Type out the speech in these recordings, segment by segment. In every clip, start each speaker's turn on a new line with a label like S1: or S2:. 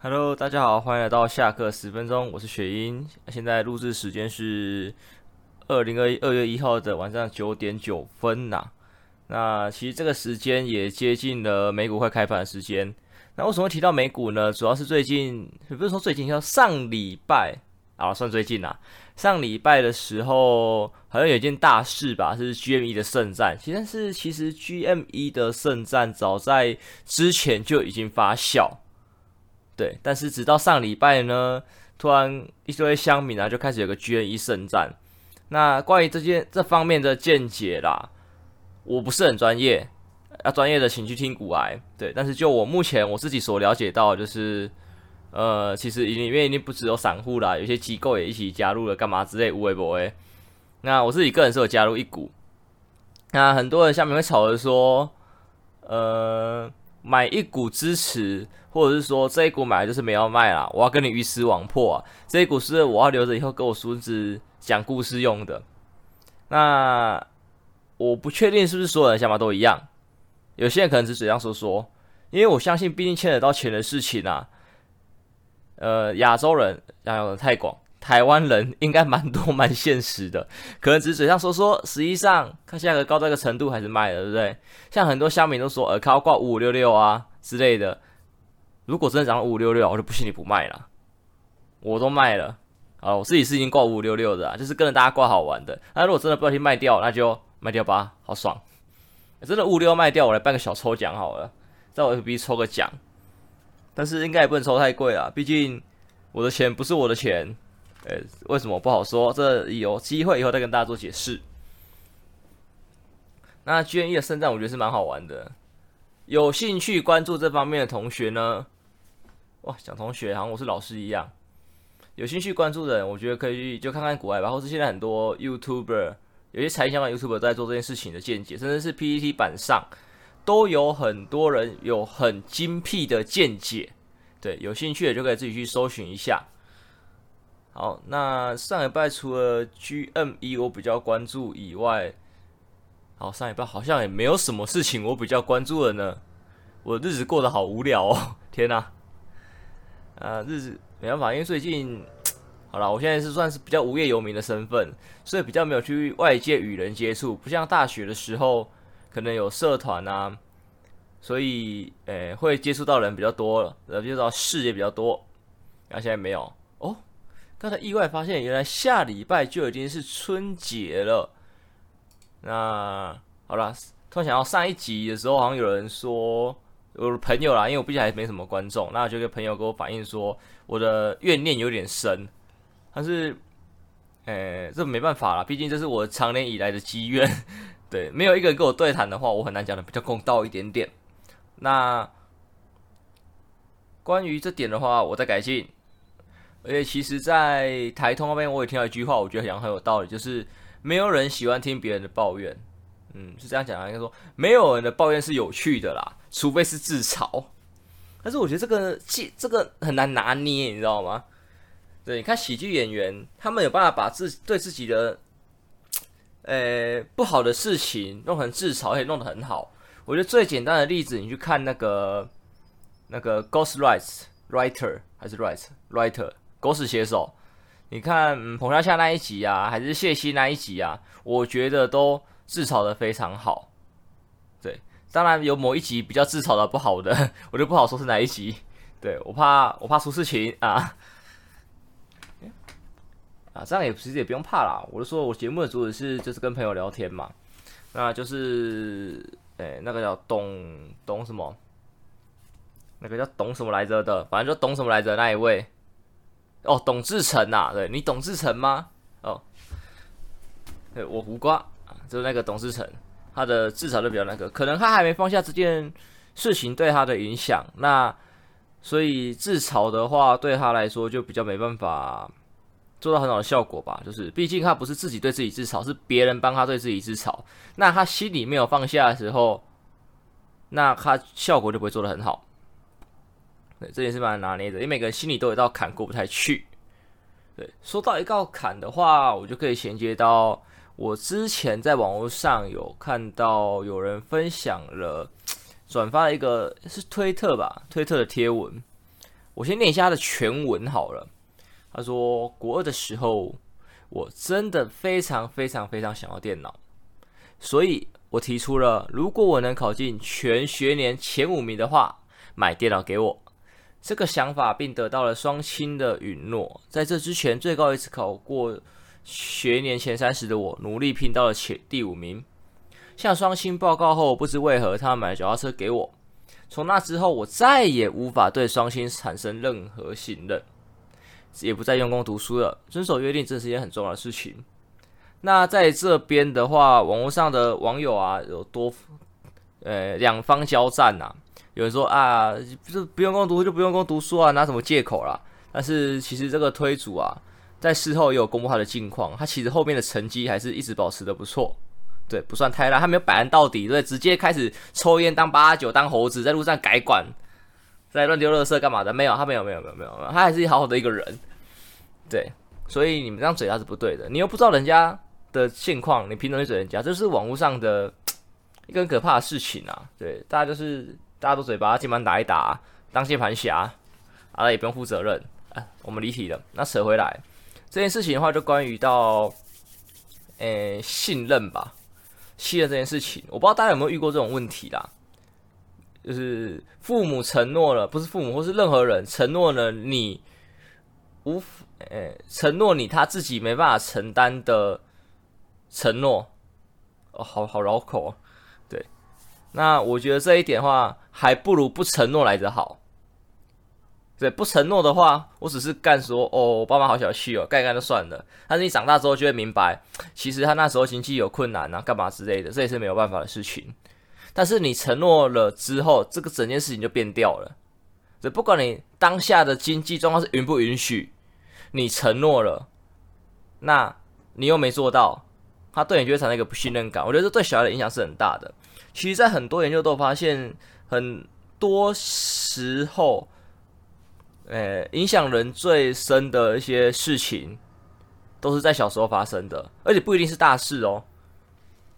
S1: Hello，大家好，歡迎來到下課十分鐘。我是雪英，現在錄制時間是二零二一年二月一號的晚上九點九分吶、啊。那其實這個時間也接近了美股快開盤的時間。那為什麼提到美股呢？主要是最近，也不是說最近，叫上禮拜啊，算最近啦、啊。上禮拜的時候好像有一件大事吧，是 GME 的聖戰。其實是其實 GME 的聖戰早在之前就已經發酵。對，但是直到上禮拜呢，突然一堆鄉民啊就開始有個 GME 聖戰。那關於這件這方面的見解啦，我不是很專業，啊專業的請去聽股癌。對，但是就我目前我自己所了解到，就是，呃，其實裡面已經不只有散戶啦，有些機構也一起加入了幹嘛之類，有的沒的。那我自己個人是有加入一股，那很多人下面會吵着說，呃。買一股支持，或者是說這一股買來就是沒要賣啦，我要跟你魚死網破啊！這一股是我要留着以後跟我孫子講故事用的。那我不確定是不是所有人想法都一樣，有些人可能只是嘴上說說，因為我相信，畢竟牽扯到錢的事情啊，呃，亞洲人想得太廣。台灣人應該蠻多蠻現實的，可能只是嘴上說說實上，實際上看價格高到一個程度還是賣了，對不對？像很多鄉民都說、啊，呃，靠掛五五六六啊之類的。如果真的漲到五五六六，我就不信你不賣了，我都賣了。啊，我自己是已經掛五五六六的啦，就是跟着大家掛好玩的。那如果真的不小心賣掉，那就賣掉吧，好爽。真的五六賣掉，我來辦個小抽獎好了，在我 FB 抽個獎，但是應該也不能抽太貴啦，畢竟我的錢不是我的錢。呃、欸，為什麼不好說？這有機會以後再跟大家做解釋。那 GME 的聖戰，我覺得是蠻好玩的。有興趣關注這方面的同學呢，哇，講同學好像我是老師一樣。有興趣關注的人，我覺得可以去就看看國外吧，或是現在很多 YouTuber，有些財經相關的 YouTuber 在做這件事情的見解，甚至是 PTT 版上都有很多人有很精闢的見解。對，有興趣的就可以自己去搜尋一下。好，那上一拜，除了 GME 我比較關注以外，好上一拜好像也沒有什麼事情我比較關注的呢。我日子過得好無聊哦，天哪、啊！啊、呃，日子沒辦法，因為最近好了，我現在是算是比較無業遊民的身份，所以比較沒有去外界與人接觸，不像大學的時候可能有社團啊，所以呃、欸、會接觸到人比較多了，然後接觸到事也比較多。然後現在沒有哦。剛才意外發現，原來下禮拜就已經是春節了。那好了，突然想到上一集的時候，好像有人說，我的朋友啦，因為我畢竟還沒什麼觀眾，那我就跟朋友給我反映說，我的怨念有點深。但是，誒、欸，這沒辦法啦，畢竟這是我常年以來的積怨。對，沒有一個人跟我對談的話，我很難講的比較公道一點點。那關於這點的話，我再改進。而且其實，在台通那邊，我也聽到一句話，我覺得講得很有道理，就是沒有人喜歡聽別人的抱怨。嗯，是這樣講啊，應該說沒有人的抱怨是有趣的啦，除非是自嘲。但是我覺得這個這這個很難拿捏，你知道嗎？對，你看喜劇演員，他們有辦法把自對自己的呃、欸、不好的事情弄成自嘲，也弄得很好。我覺得最簡單的例子，你去看那個那個 Ghost Writer 還是 Rights Writer。狗屎寫手，你看，嗯、澎恰恰那一集啊，還是謝忻那一集啊？我覺得都自嘲的非常好。對，當然有某一集比較自嘲的不好的，我就不好說是哪一集。對，我怕我怕出事情啊！啊，這樣也其實也不用怕啦。我就說我節目的主旨是就是跟朋友聊天嘛，那就是哎，欸、那個叫董董什麼，那個叫董什麼來着的，反正就董什麼來着那一位。哦，董志成吶、啊，對，你董志成嗎？哦，對，我胡瓜，就是那個董志成，他的自嘲就比較那個，可能他還沒放下這件事情對他的影響，那所以自嘲的話對他來說就比較沒辦法做到很好的效果吧，就是畢竟他不是自己對自己自嘲，是別人幫他對自己自嘲，那他心裡沒有放下的時候，那他效果就不會做得很好。對，這也是蠻拿捏的。因為每個人心裡都有一道坎過不太去。對，說到一道坎的話，我就可以銜接到我之前在網絡上有看到有人分享了，轉發了一個是推特吧，推特的貼文。我先念一下他的全文好了。他說：“國二的時候，我真的非常非常非常想要電腦，所以我提出了，如果我能考進全學年前五名的話，買電腦給我。”這個想法並得到了雙親的允諾。在這之前，最高一次考過學年前三十的我，努力拼到了前第五名。向雙親報告後，不知為何他買了腳踏車給我。從那之後，我再也無法對雙親產生任何信任，也不再用功讀書了。遵守約定，這是一件很重要的事情。那在這邊的話，網絡上的網友啊，有多呃兩方交戰吶、啊。有人說啊，就不用跟我讀，就不用跟我讀書啊，拿什麼借口啦？但是其實這個推主啊，在事後也有公布他的近況，他其實後面的成績還是一直保持的不錯，對，不算太爛。他沒有擺爛到底，對，直接開始抽煙、當八九、當猴子，在路上改管，在亂丟垃圾幹嘛的？沒有，他沒有，沒有，沒有，沒有，沒有，他還是好好的一個人，對，所以你們這樣嘴他是不對的，你又不知道人家的現況，你憑什麼去嘴人家？這就是網絡上的一個很可怕的事情啊，對，大家就是。大家都嘴巴鍵盤打一打，當鍵盤俠，啊，也不用負責任，啊，我們離題了。那扯回來這件事情的話，就關於到，誒、欸，信任吧，信任這件事情，我不知道大家有沒有遇過這種問題啦，就是父母承諾了，不是父母，或是任何人承諾了你無，誒、欸，承諾你他自己沒辦法承擔的承諾，哦，好好繞口啊。那我覺得這一點的話，還不如不承諾來得好。對，不承諾的話，我只是乾說哦，我爸媽好小氣哦，幹一幹就算了。但是你長大之後就會明白，其實他那時候經濟有困難啊，幹嘛之類的，這也是沒有辦法的事情。但是你承諾了之後，這個整件事情就變掉了。對，不管你當下的經濟狀況是允不允許，你承諾了，那你又沒做到，他對你就會產生一個不信任感。我覺得這對小孩的影響是很大的。其實，在很多研究都發現，很多時候，呃，影響人最深的一些事情，都是在小時候發生的，而且不一定是大事哦。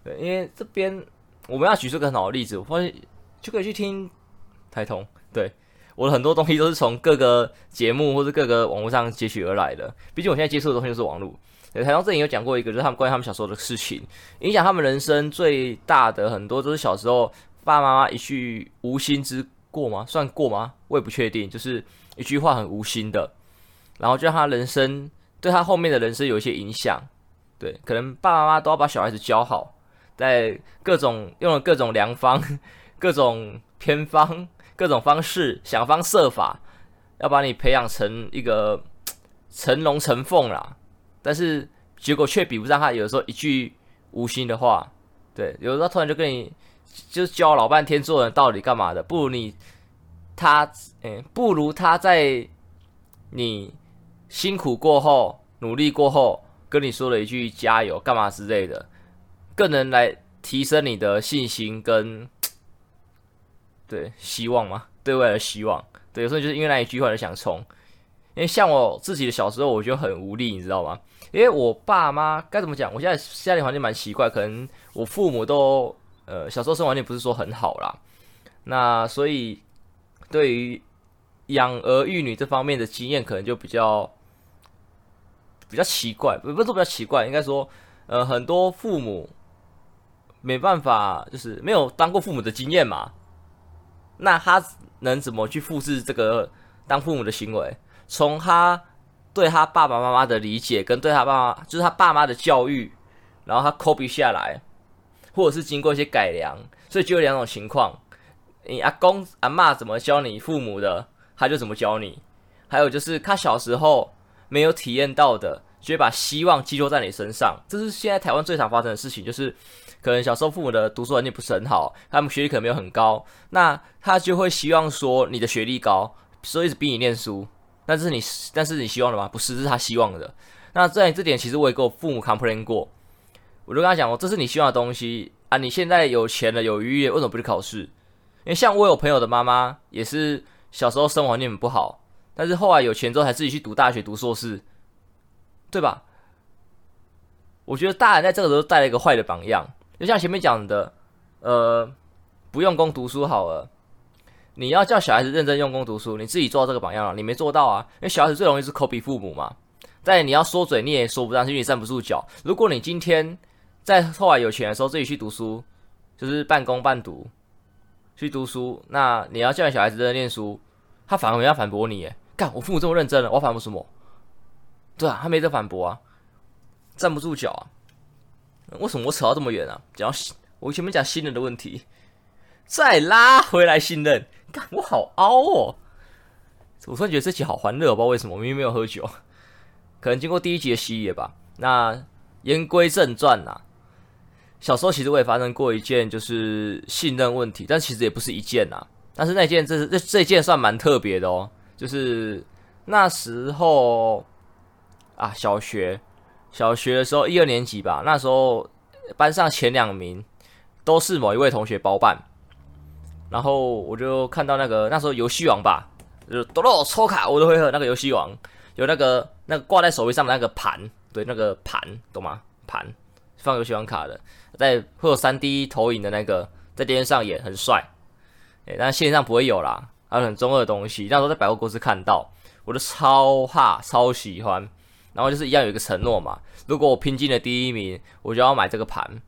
S1: 對，因為這邊我們要舉出個很好的例子，我發現就可以去聽台通。對，我的很多東西都是從各個節目或者各個網絡上截取而來的，畢竟我現在接觸的東西就是網絡。對，台中正己有講過一個，就是他們關於他們小時候的事情，影響他們人生最大的很多都是小時候爸爸媽媽一句無心之過嗎？算過嗎？我也不確定，就是一句話很無心的，然後就讓他人生對他後面的人生有一些影響。對，可能爸爸媽媽都要把小孩子教好，在各種用了各種良方、各種偏方、各種方式，想方設法要把你培養成一個成龍成鳳啦。但是結果卻比不上他。有的時候一句無心的話，對，有的時候突然就跟你就教老半天做人道理幹嘛的，不如你他，哎、欸，不如他在你辛苦過後、努力過後，跟你說了一句加油幹嘛之類的，更能來提升你的信心跟對希望嘛，對未來的希望。對，有時候就是因為那一句話就想衝，因為像我自己的小時候，我覺得很無力，你知道嗎？因為我爸媽該怎麼講？我現在家庭環境蠻奇怪，可能我父母都呃，小時候生活環境不是說很好啦，那所以對於養兒育女這方面的經驗，可能就比較比較奇怪，不是說比較奇怪，應該說呃，很多父母沒辦法，就是沒有當過父母的經驗嘛，那他能怎麼去複製這個當父母的行為？從他。對他爸爸媽媽的理解，跟對他爸媽就是他爸媽的教育，然後他 copy 下來，或者是經過一些改良，所以就有兩種情況：你阿公阿嬤怎麼教你父母的，他就怎麼教你；還有就是他小時候沒有體驗到的，就會把希望寄託在你身上。這是現在台灣最常發生的事情，就是可能小時候父母的讀書能力不是很好，他們學歷可能沒有很高，那他就會希望說你的學歷高，所以一直逼你念書。那這是你，但是你希望的嗎？不是，這是他希望的。那在這點，其實我也跟我父母 complain 過，我就跟他講，我這是你希望的東西啊！你現在有錢了，有餘力，為什麼不去考試？因為像我有朋友的媽媽，也是小時候生活環境不好，但是後來有錢之後，還自己去讀大學、讀碩士，對吧？我覺得大人在這個時候帶了一個壞的榜樣，就像前面講的，呃，不用功讀書好了。你要叫小孩子認真用功讀書，你自己做到這個榜樣了，你沒做到啊。因為小孩子最容易是 copy 父母嘛。但你要說嘴，你也說不上，因為你站不住腳。如果你今天在後來有錢的時候自己去讀書，就是半工半讀去讀書，那你要叫小孩子認真念書，他反而要反駁你耶。幹，我父母這麼認真了，我反駁什麼？對啊，他沒得反駁啊，站不住腳啊。為什麼我扯到這麼遠啊？講我前面講信任的問題，再拉回來信任。我好凹哦！我突然覺得這集好歡樂，不知道為什麼。我明明沒有喝酒，可能經過第一集的洗禮吧。那言歸正傳吶、啊，小時候其實我也發生過一件就是信任問題，但其實也不是一件啦、啊，但是那件這是這這件算蠻特別的哦，就是那時候啊，小學小學的時候一二年級吧，那時候班上前兩名都是某一位同學包辦。然後我就看到那個那時候遊戲王吧，就哆啦 A 抽卡，我都會和那個遊戲王有那個那個掛在手臂上的那個盤，對那個盤懂嗎？盤放遊戲王卡的，在會有 3D 投影的那個，在電視上也很帥，誒、欸，但線上不會有啦，啊很中二的東西。那時候在百貨公司看到，我就超哈，超喜歡。然後就是一樣有一個承諾嘛，如果我拼進了第一名，我就要買這個盤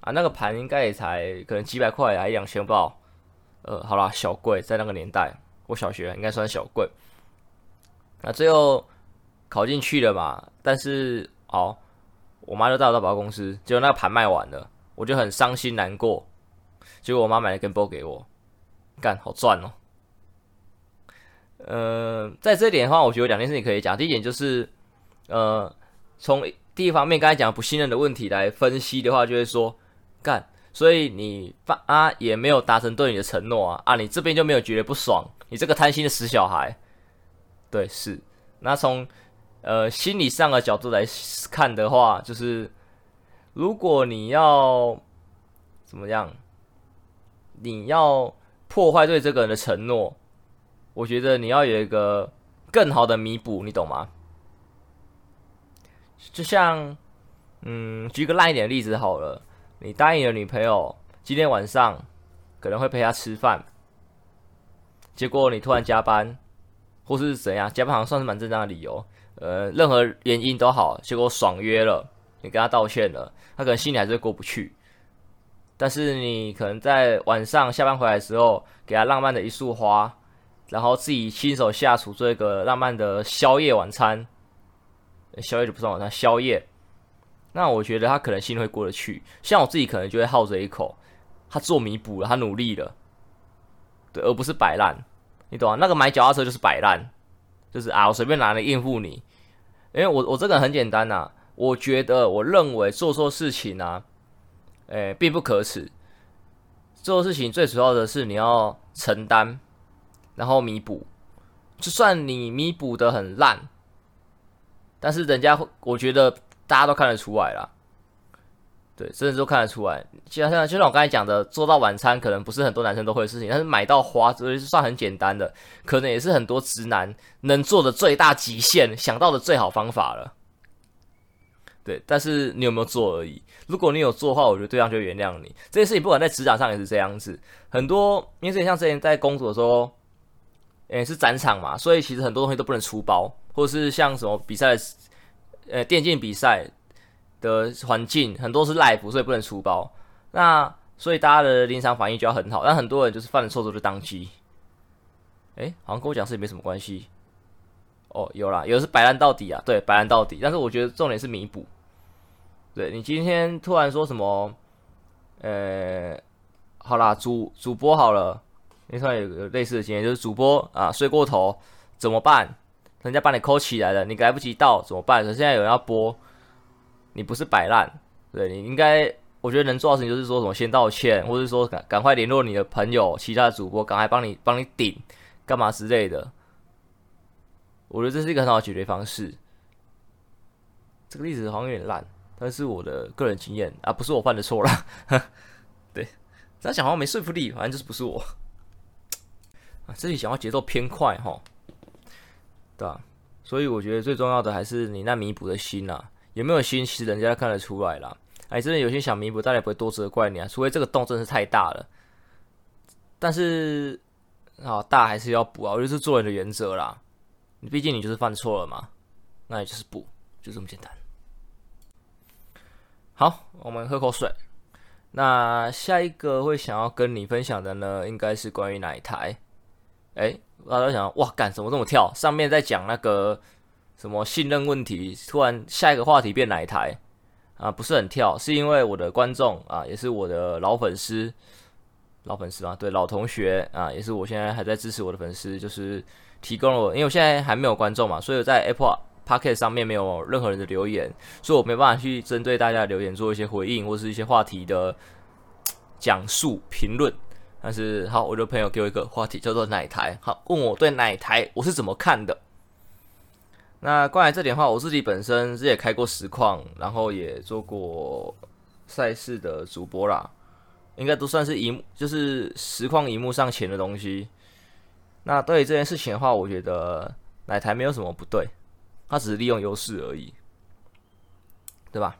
S1: 啊，那個盤應該也才可能幾百塊還兩千不到。呃，好啦，小貴在那個年代，我小學應該算小貴。那、啊、最後考進去了嘛？但是，好，我媽就帶我到保險公司，結果那個盤賣完了，我就很傷心難過。結果我媽買了根包給我，幹好賺哦、喔。呃，在這一點的話，我覺得兩件事情可以講。第一點就是，呃，從第一方面剛才講的不信任的問題來分析的話，就會、是、說幹。所以你爸啊也沒有達成對你的承諾啊啊！你這邊就沒有覺得不爽？你這個貪心的死小孩，對是。那從呃心理上的角度來看的話，就是如果你要怎麼樣，你要破壞對這個人的承諾，我覺得你要有一個更好的彌補，你懂嗎？就像嗯，舉個爛一點的例子好了。你答應了女朋友今天晚上可能會陪她吃飯，結果你突然加班，或是怎樣，加班好像算是蠻正常的理由，呃，任何原因都好，結果爽約了，你跟她道歉了，她可能心裡還是過不去。但是你可能在晚上下班回來的時候，給她浪漫的一束花，然後自己親手下廚做一個浪漫的宵夜晚餐，欸，宵夜就不算晚餐，宵夜。那我覺得他可能性會過得去，像我自己可能就會好這一口。他做彌補了，他努力了，對，而不是擺爛。你懂啊？那個買腳踏車就是擺爛，就是啊，我隨便拿來應付你。因為我我這個很簡單吶、啊，我覺得我認為做錯事情啊，誒、欸，並不可恥。做事情最主要的是你要承擔，然後彌補。就算你彌補得很爛，但是人家會，我覺得。大家都看得出來啦，對，真的都看得出來。就像就像我剛才講的，做到晚餐可能不是很多男生都會的事情，但是買到花所以是算很簡單的，可能也是很多直男能做的最大極限，想到的最好方法了。對，但是你有沒有做而已。如果你有做的話，我覺得對方就原諒你。這件事情不管在職場上也是這樣子，很多因為之前像之前在工作的時候，也、欸、是展場嘛，所以其實很多東西都不能出包，或者是像什麼比賽的。呃，電競比賽的環境很多是 live 所以不能出包。那所以大家的臨場反應就要很好，但很多人就是犯了錯之後就當機。哎，好像跟我講是也沒什麼關係。哦，有啦，有的是擺爛到底啊，對，擺爛到底。但是我覺得重點是彌補。對你今天突然說什麼？呃，好啦，主主播好了，你突然有個類似的經驗，就是主播啊睡過頭怎麼辦？人家把你扣起來了，你來不及到怎麼辦？可是現在有人要播，你不是擺爛，對你應該，我覺得能做的事情就是說什麼先道歉，或者是說趕趕快聯絡你的朋友、其他的主播，趕快幫你幫你頂，幹嘛之類的。我覺得這是一個很好的解決的方式。這個例子好像有點爛，但是我的個人經驗啊，不是我犯的錯啦。對，這樣講話沒說服力，反正就是不是我啊，這裡講話節奏偏快哈。對啊，所以我覺得最重要的還是你那彌補的心啊，有沒有心其實人家看得出來啦。哎，真的有心想彌補，大家也不會多責怪你啊，除非這個洞真是太大了。但是，啊，大還是要補啊，我就是做人的原則啦。你畢竟你就是犯錯了嘛，那也就是補，就這麼簡單。好，我們喝口水。那下一個會想要跟你分享的呢，應該是關於哪一台？哎？大、啊、家都想，哇，幹什麼這麼跳？上面在講那個什麼信任問題，突然下一個話題變哪一台啊，不是很跳，是因為我的觀眾啊，也是我的老粉絲，老粉絲嘛，對，老同學啊，也是我現在還在支持我的粉絲，就是提供了我，因為我現在還沒有觀眾嘛，所以在 Apple Podcast 上面沒有任何人的留言，所以我沒辦法去針對大家的留言做一些回應，或是一些話題的講述、評論。但是好，我的朋友給我一個話題叫做奶台，好，問我對奶台我是怎麼看的。那關於這點的話，我自己本身是也開過實況，然後也做過賽事的主播啦，應該都算是螢，就是實況熒幕上前的東西。那對於這件事情的話，我覺得奶台沒有什麼不對，它只是利用優勢而已，對吧？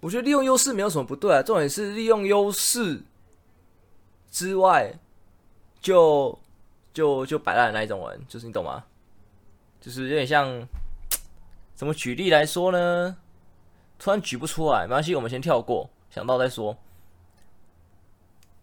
S1: 我覺得利用優勢沒有什麼不對啊，重點是利用優勢。之外，就就就擺爛的那一種人，就是你懂嗎？就是有點像，怎麼舉例來說呢？突然舉不出來，沒關係，我們先跳過，想到再說。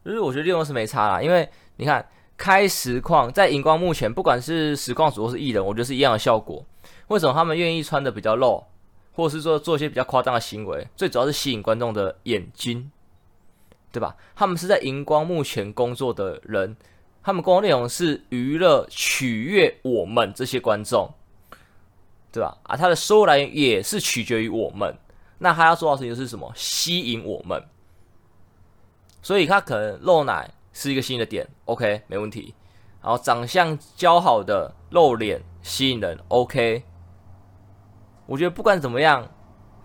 S1: 就是我覺得利用是沒差啦，因為你看開實況在熒光幕前，不管是實況主或是藝人，我覺得是一樣的效果。為什麼他們願意穿的比較露，或者是說做,做一些比較誇張的行為？最主要是吸引觀眾的眼睛。對吧？他們是在熒光幕前工作的人，他們工作內容是娛樂取悅我們這些觀眾，對吧？啊，他的收入來源也是取決於我們，那他要做的事情就是什麼？吸引我們，所以他可能露奶是一個吸引的點，OK，沒問題。然後長相姣好的露臉吸引人，OK，我覺得不管怎麼樣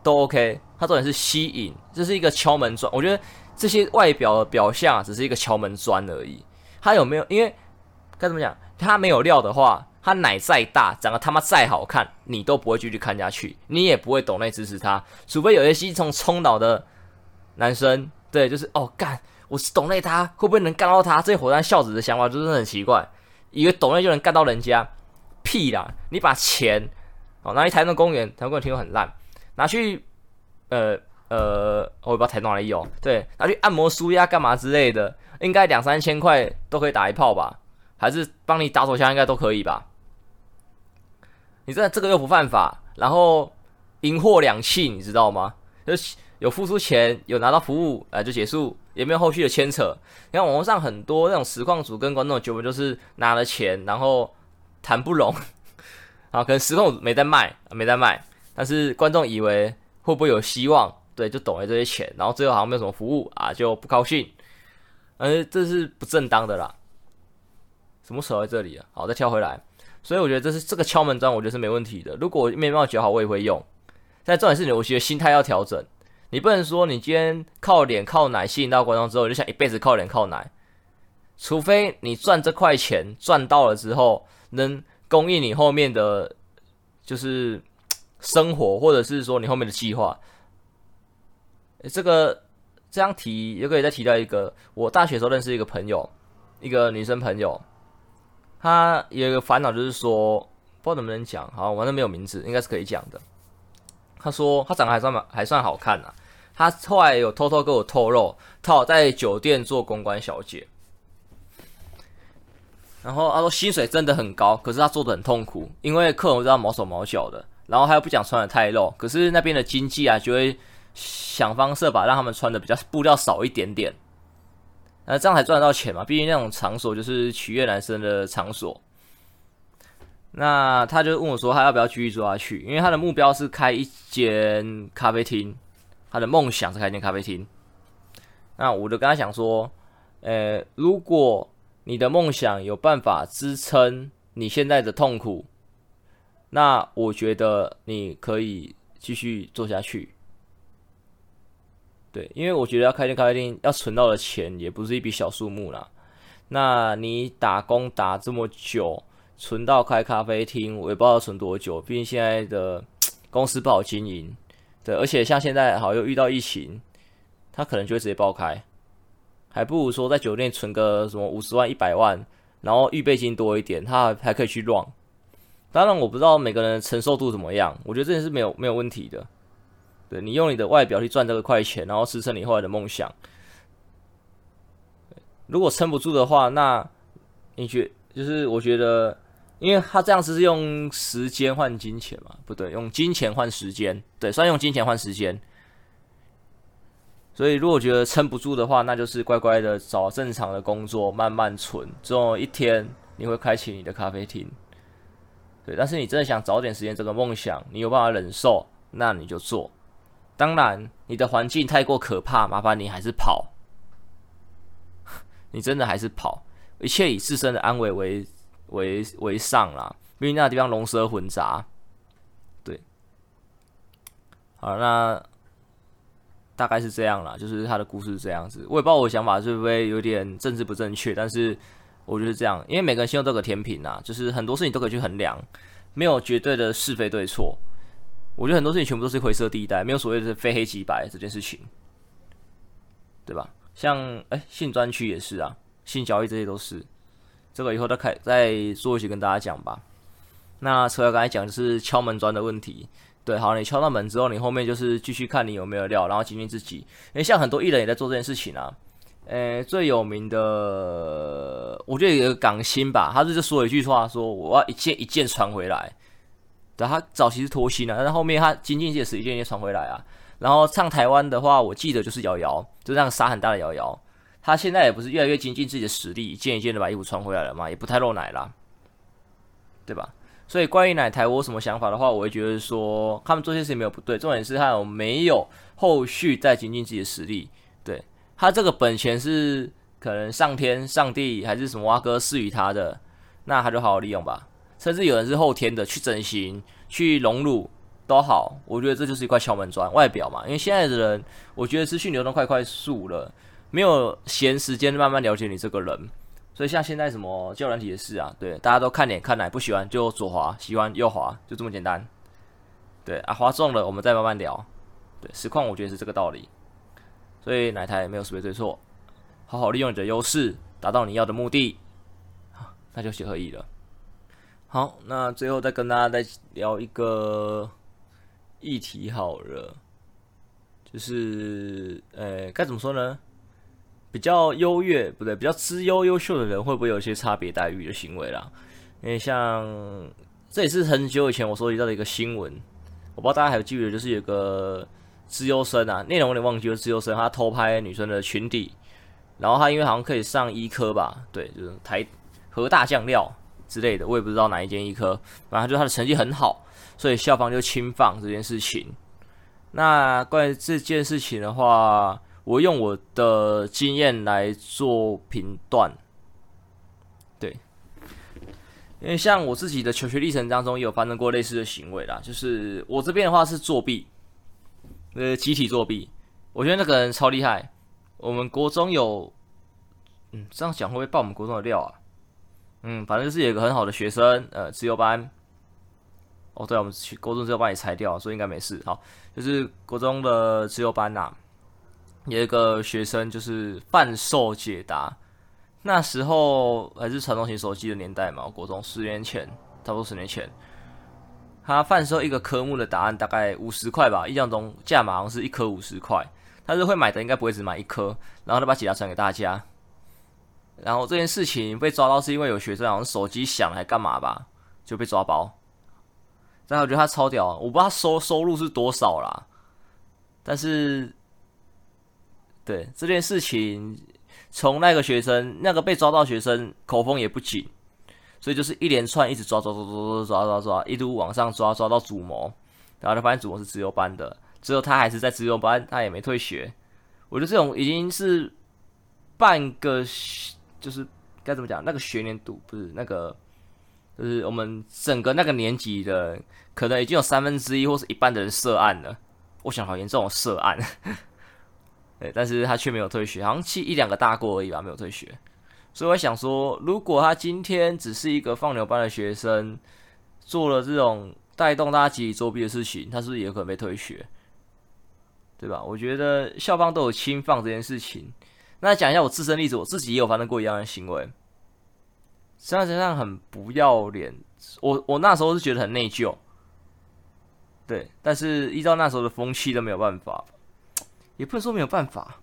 S1: 都 OK，他重點是吸引，這是一個敲門磚，我覺得。這些外表的表象啊，只是一個敲門磚而已。他有沒有？因為該怎麼講？他沒有料的話，他奶再大，長得他媽再好看，你都不會繼續看下去，你也不會斗內支持他。除非有些西從衝倒的男生，對，就是哦幹，我是斗內他會不會能幹到他？這些火山孝子的想法就是很奇怪，以為斗內就能幹到人家，屁啦！你把錢哦，拿去台灣的公園，台灣公園聽說很爛，拿去呃。呃，我不知道台灣哪裡有，對，拿去按摩舒壓幹嘛之類的，應該兩三千塊都可以打一炮吧，還是幫你打手槍應該都可以吧？你知道這個又不犯法，然後銀貨兩訖，你知道嗎？有有付出錢，有拿到服務，哎，就結束，也沒有後續的牽扯。你看網絡上很多那種實況主跟觀眾糾紛，就是拿了錢，然後談不攏，啊，可能實況主沒在賣、啊，沒在賣，但是觀眾以為會不會有希望？對，就懂了這些錢，然後最後好像沒有什麼服務啊，就不高興。而、呃、這是不正當的啦。什麼時候在這裡啊？好，再跳回來。所以我覺得這是這個敲門磚，我覺得是沒問題的。如果我面貌姣好，我也會用。但重點是你，我覺得心態要調整。你不能說你今天靠臉靠奶吸引到觀眾之後，你就想一輩子靠臉靠奶。除非你賺這塊錢賺到了之後，能供應你後面的就是生活，或者是說你後面的計劃。這個這樣提也可以再提到一個，我大學時候認識一個朋友，一個女生朋友，她有一個煩惱就是說，不知道能不能講。好，完全沒有名字，應該是可以講的。她說她長得還算還算好看吶、啊，她後來有偷偷跟我透露，她好在酒店做公關小姐，然後她說薪水真的很高，可是她做得很痛苦，因為客人知道毛手毛腳的，然後她又不講穿的太露，可是那邊的經濟啊就會。想方設法讓他們穿的比較布料少一點點，那這樣才賺得到錢嘛。畢竟那種場所就是取悅男生的場所。那他就問我說：“他要不要繼續做下去？”因為他的目標是開一間咖啡廳，他的夢想是開一間咖啡廳。那我就跟他講說：“誒，如果你的夢想有辦法支撐你現在的痛苦，那我覺得你可以繼續做下去。”對，因為我覺得要開間咖啡廳，要存到的錢也不是一筆小數目啦。那你打工打這麼久，存到開咖啡廳，我也不知道存多久。畢竟現在的公司不好經營，對，而且像現在好像又遇到疫情，他可能就會直接爆開，還不如說在酒店存個什麼五十萬、一百萬，然後預備金多一點，他還，還可以去 run。當然我不知道每個人承受度怎麼樣，我覺得這件事沒有沒有問題的。對，你用你的外表去賺這個快錢，然後支撐你後來的夢想。如果撐不住的話，那你覺，就是我覺得，因為他這樣子是用時間換金錢嘛，不對，用金錢換時間，對，算用金錢換時間。所以如果覺得撐不住的話，那就是乖乖的找正常的工作，慢慢存，總有一天你會開啟你的咖啡廳。對，但是你真的想早點實現這個夢想，你有辦法忍受，那你就做。當然，你的環境太過可怕，麻煩你還是跑。 你真的還是跑，一切以自身的安危為為為上啦。畢竟那地方龍蛇混雜，對。好，那大概是這樣啦，就是他的故事是這樣子。我也不知道我的想法是不是有點政治不正確，但是我覺得這樣，因為每個人心中都有個天平啦，就是很多事情都可以去衡量，沒有絕對的是非對錯。我覺得很多事情全部都是灰色地帶，沒有所謂的非黑即白這件事情，對吧？像誒性專區也是啊，性交易這些都是，這個以後再開再，再做一些跟大家講吧。那車了剛才講就是敲門磚的問題，對，好，你敲到門之後，你後面就是繼續看你有沒有料，然後精進自己。因為像很多藝人也在做這件事情啊，誒，最有名的我覺得有個港星吧，他是就說一句話說，說我要一件一件傳回來。他早期是脫星啊，但是後面他精進自己的實力，一件一件穿回來啊。然後唱台灣的話，我記得就是瑤瑤，就這樣殺很大的瑤瑤。他現在也不是越來越精進自己的實力，一件一件的把衣服穿回來了嘛，也不太露奶了，對吧？所以關於奶台我有什麼想法的話，我會覺得說他們做些事情沒有不對，重點是他有沒有後續再精進自己的實力。對，他這個本錢是可能上天、上帝還是什麼蛙哥賜予他的，那他就好好利用吧。甚至有人是後天的去整形、去隆乳都好，我覺得這就是一塊敲門磚，外表嘛。因為現在的人，我覺得資訊流動快快速了，沒有閒時間慢慢了解你這個人。所以像現在什麼交友軟體的事啊，對，大家都看臉看奶，不喜歡就左滑，喜歡右滑，就這麼簡單。對啊，滑中了我們再慢慢聊。對，實況我覺得是這個道理。所以奶台沒有是非對錯，好好利用你的優勢，達到你要的目的，那就寫合意了。好，那最後再跟大家再聊一個議題好了，就是，誒，該怎麼說呢？比較優越，不對，比較資優優秀的人會不會有一些差別待遇的行為啦？因為像這也是很久以前我收集到的一個新聞，我不知道大家還有記不記得，就是有個資優生啊，內容有點忘記了，資優生他偷拍女生的裙底，然後他因為好像可以上醫科吧，對，就是台和大醬料。之類的，我也不知道哪一間醫科，反正就他的成績很好，所以校方就輕放這件事情。那關於這件事情的話，我用我的經驗來做評斷，對，因為像我自己的求學歷程當中也有發生過類似的行為啦，就是我這邊的話是作弊，呃、就是，集體作弊，我覺得那個人超厲害。我們國中有，嗯，這樣講會不會爆我們國中的料啊？嗯，反正就是有一個很好的學生，呃，自由班。哦，對，我們國中自由班也裁掉了，所以應該沒事。好，就是國中的自由班吶、啊，有一個學生就是販售解答。那時候還是傳統型手機的年代嘛，國中十年前，差不多十年前，他販售一個科目的答案大概五十塊吧，印象中價碼好像是一科五十塊。他是會買的，應該不會只買一科，然後他把解答傳給大家。然後這件事情被抓到，是因為有學生好像手機響了還幹嘛吧，就被抓包。但我覺得他超屌，我不知道他收收入是多少啦，但是，對這件事情，從那個學生那個被抓到學生口風也不緊，所以就是一連串一直抓抓抓抓抓抓抓，一路往上抓，抓到主謀，然後就發現主謀是資優班的，之後他還是在資優班，他也沒退學。我覺得這種已經是半個。就是該怎麼講，那個學年度不是那個，就是我們整個那個年級的，可能已經有三分之一或是一半的人涉案了。我想好嚴重的涉案。 但是他卻沒有退學，好像記一兩個大過而已吧，沒有退學。所以我想說，如果他今天只是一個放牛班的學生，做了這種帶動大家集體作弊的事情，他是不是也有可能被退學？對吧？我覺得校方都有輕放這件事情。那講一下我自身例子，我自己也有發生過一樣的行為，實際上很不要臉。我我那時候是覺得很內疚，對，但是依照那時候的風氣都沒有辦法，也不能說沒有辦法。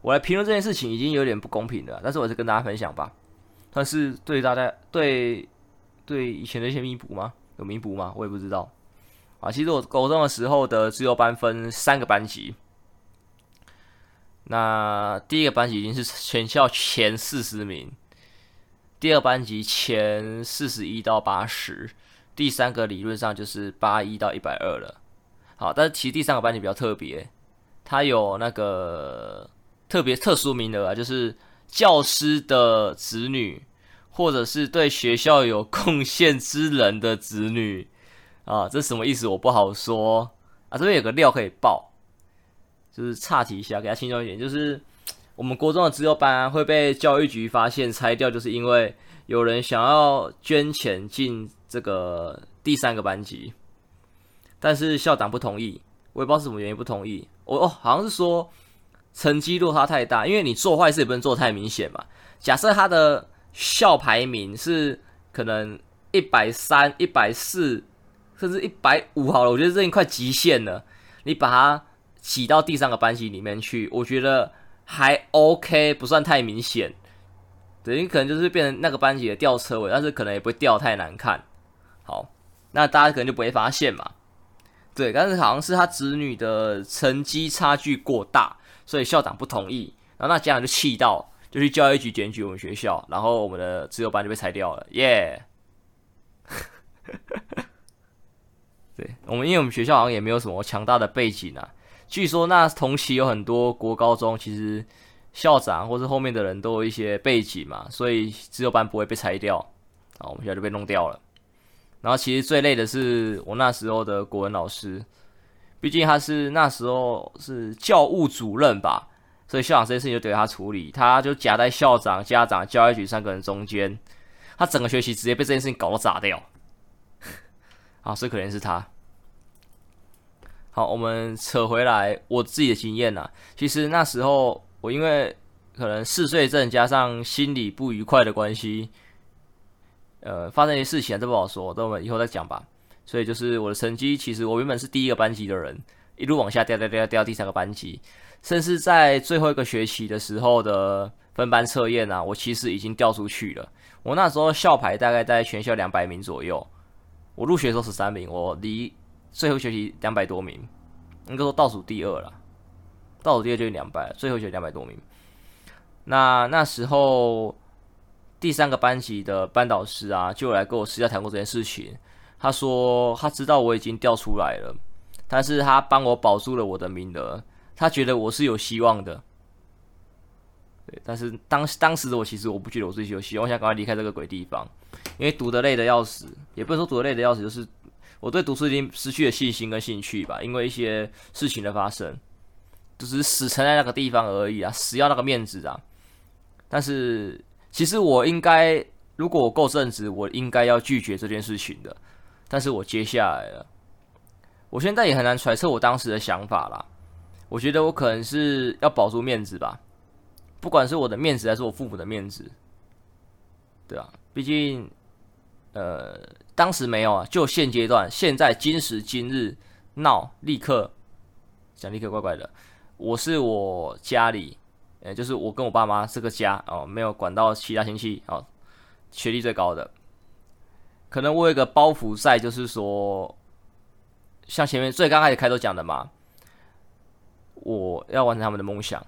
S1: 我來評論這件事情已經有點不公平了，但是我還是跟大家分享吧。但是對大家對對以前的一些彌補嗎？有彌補嗎？我也不知道。啊，其實我高中的時候的自由班分三個班級。那第一個班級已經是全校前四十名，第二班級前四十一到八十，第三個理論上就是八一到一百二了。好，但是其實第三個班級比較特別，它有那個特別特殊名額啊，就是教師的子女，或者是對學校有貢獻之人的子女啊，這什麼意思？我不好說啊，這邊有個料可以爆。就是岔題一下，給他輕鬆一點。就是我們國中的資優班啊，會被教育局發現拆掉，就是因為有人想要捐錢進這個第三個班級，但是校長不同意。我也不知道什麼原因不同意。哦哦，好像是說成績落差太大，因為你做壞事也不能做太明顯嘛。假設他的校排名是可能一百三、一百四，甚至一百五好了，我覺得這已經快極限了。你把它。擠到第三個班級裡面去，我覺得還 OK，不算太明顯，等於可能就是變成那個班級的吊車尾，但是可能也不會吊太難看。好，那大家可能就不會發現嘛。對，但是好像是他子女的成績差距過大，所以校長不同意，然後那家長就氣到，就去教育局檢舉我們學校，然後我們的自由班就被裁掉了。耶、yeah! 對我們，因為我們學校好像也沒有什麼強大的背景啊。據說那同期有很多國高中，其實校長或者後面的人都有一些背景嘛，所以資優班不會被拆掉。好，我們學校就被弄掉了。然後其實最累的是我那時候的國文老師，畢竟他是那時候是教務主任吧，所以校長這件事情就得他處理，他就夾在校長、家長、教育局三個人中間，他整個學期直接被這件事情搞砸掉。啊，最可憐是他。好，我們扯回來我自己的經驗啊，其實那時候我因為可能嗜睡症加上心理不愉快的關係，呃，發生一些事情啊，這不好說，等我們以後再講吧。所以就是我的成績，其實我原本是第一個班級的人，一路往下掉，掉，掉，掉到第三個班級，甚至在最後一個學期的時候的分班測驗啊，我其實已經掉出去了。我那時候校排大概在全校兩百名左右，我入學的時候十三名，我離。最後學習兩百多名，應該說倒數第二了。倒數第二就是兩百，最後學兩百多名。那那時候，第三個班級的班導師啊，就來跟我私下談過這件事情。他說他知道我已經掉出來了，但是他幫我保住了我的名額。他覺得我是有希望的。對，但是當當時的我，其實我不覺得我自己有希望，我想趕快離開這個鬼地方，因為讀的累的要死，也不是說讀的累的要死，就是。我對讀書已經失去了信心跟興趣吧，因為一些事情的發生，就只是死撐在那個地方而已啊，死要那個面子啊。但是其實我應該，如果我夠正直，我應該要拒絕這件事情的。但是我接下來了，我現在也很難揣測我當時的想法啦。我覺得我可能是要保住面子吧，不管是我的面子還是我父母的面子，對啊，畢竟。呃，當時沒有啊，就現階段，現在今時今日鬧，立刻講立刻怪怪的。我是我家裡，呃、欸，就是我跟我爸媽這個家哦，沒有管到其他親戚哦。學歷最高的，可能我有一個包袱在，就是說，像前面最剛開始開頭講的嘛，我要完成他們的夢想，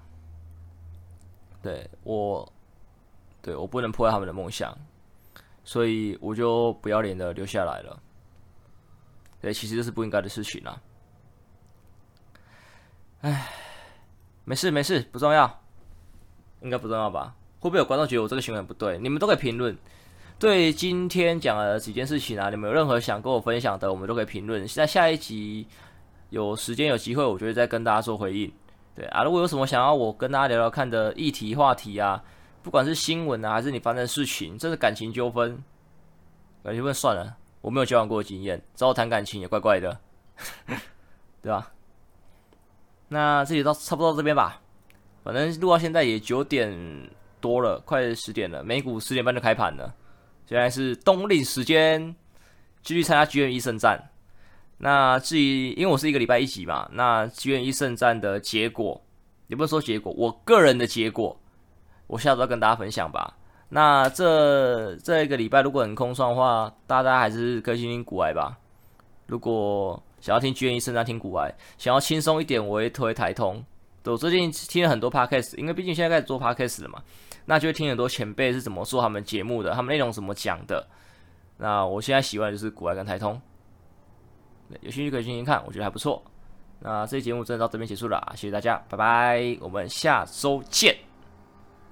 S1: 對我，對我不能破壞他們的夢想。所以我就不要臉的留下來了。對，其實這是不應該的事情啊。唉，沒事沒事，不重要，應該不重要吧？會不會有觀眾覺得我這個行為不對？你們都可以評論。對，今天講了幾件事情啊，你們有任何想跟我分享的，我們都可以評論。現在下一集有時間有機會，我就會再跟大家做回應。對啊，如果有什麼想要我跟大家聊聊看的議題話題啊。不管是新聞啊，還是你發生的事情，這是感情糾紛。感情糾紛算了，我沒有交往過的經驗，找我談感情也怪怪的， 對吧？那這裡到差不多到這邊吧，反正錄到現在也九點多了，快十點了。美股十點半就開盤了，現在是冬令時間，繼續參加 GME 聖戰。那至於，因為我是一個禮拜一集嘛，那 GME 聖戰的結果，也不能說結果，我個人的結果。我下週要跟大家分享吧。那這這一個禮拜，如果很空窗的話，大家還是可以聽古愛吧。如果想要聽居安醫生，那聽古愛；想要輕鬆一點，我會推台通。對，我最近聽了很多 podcast，因為畢竟現在開始做 podcast 了嘛，那就會聽很多前輩是怎麼做他們節目的，他們內容怎麼講的。那我現在喜歡的就是古愛跟台通，有興趣可以聽聽看，我覺得還不錯。那這期節目真的到這邊結束了。謝謝大家，拜拜，我們下週見。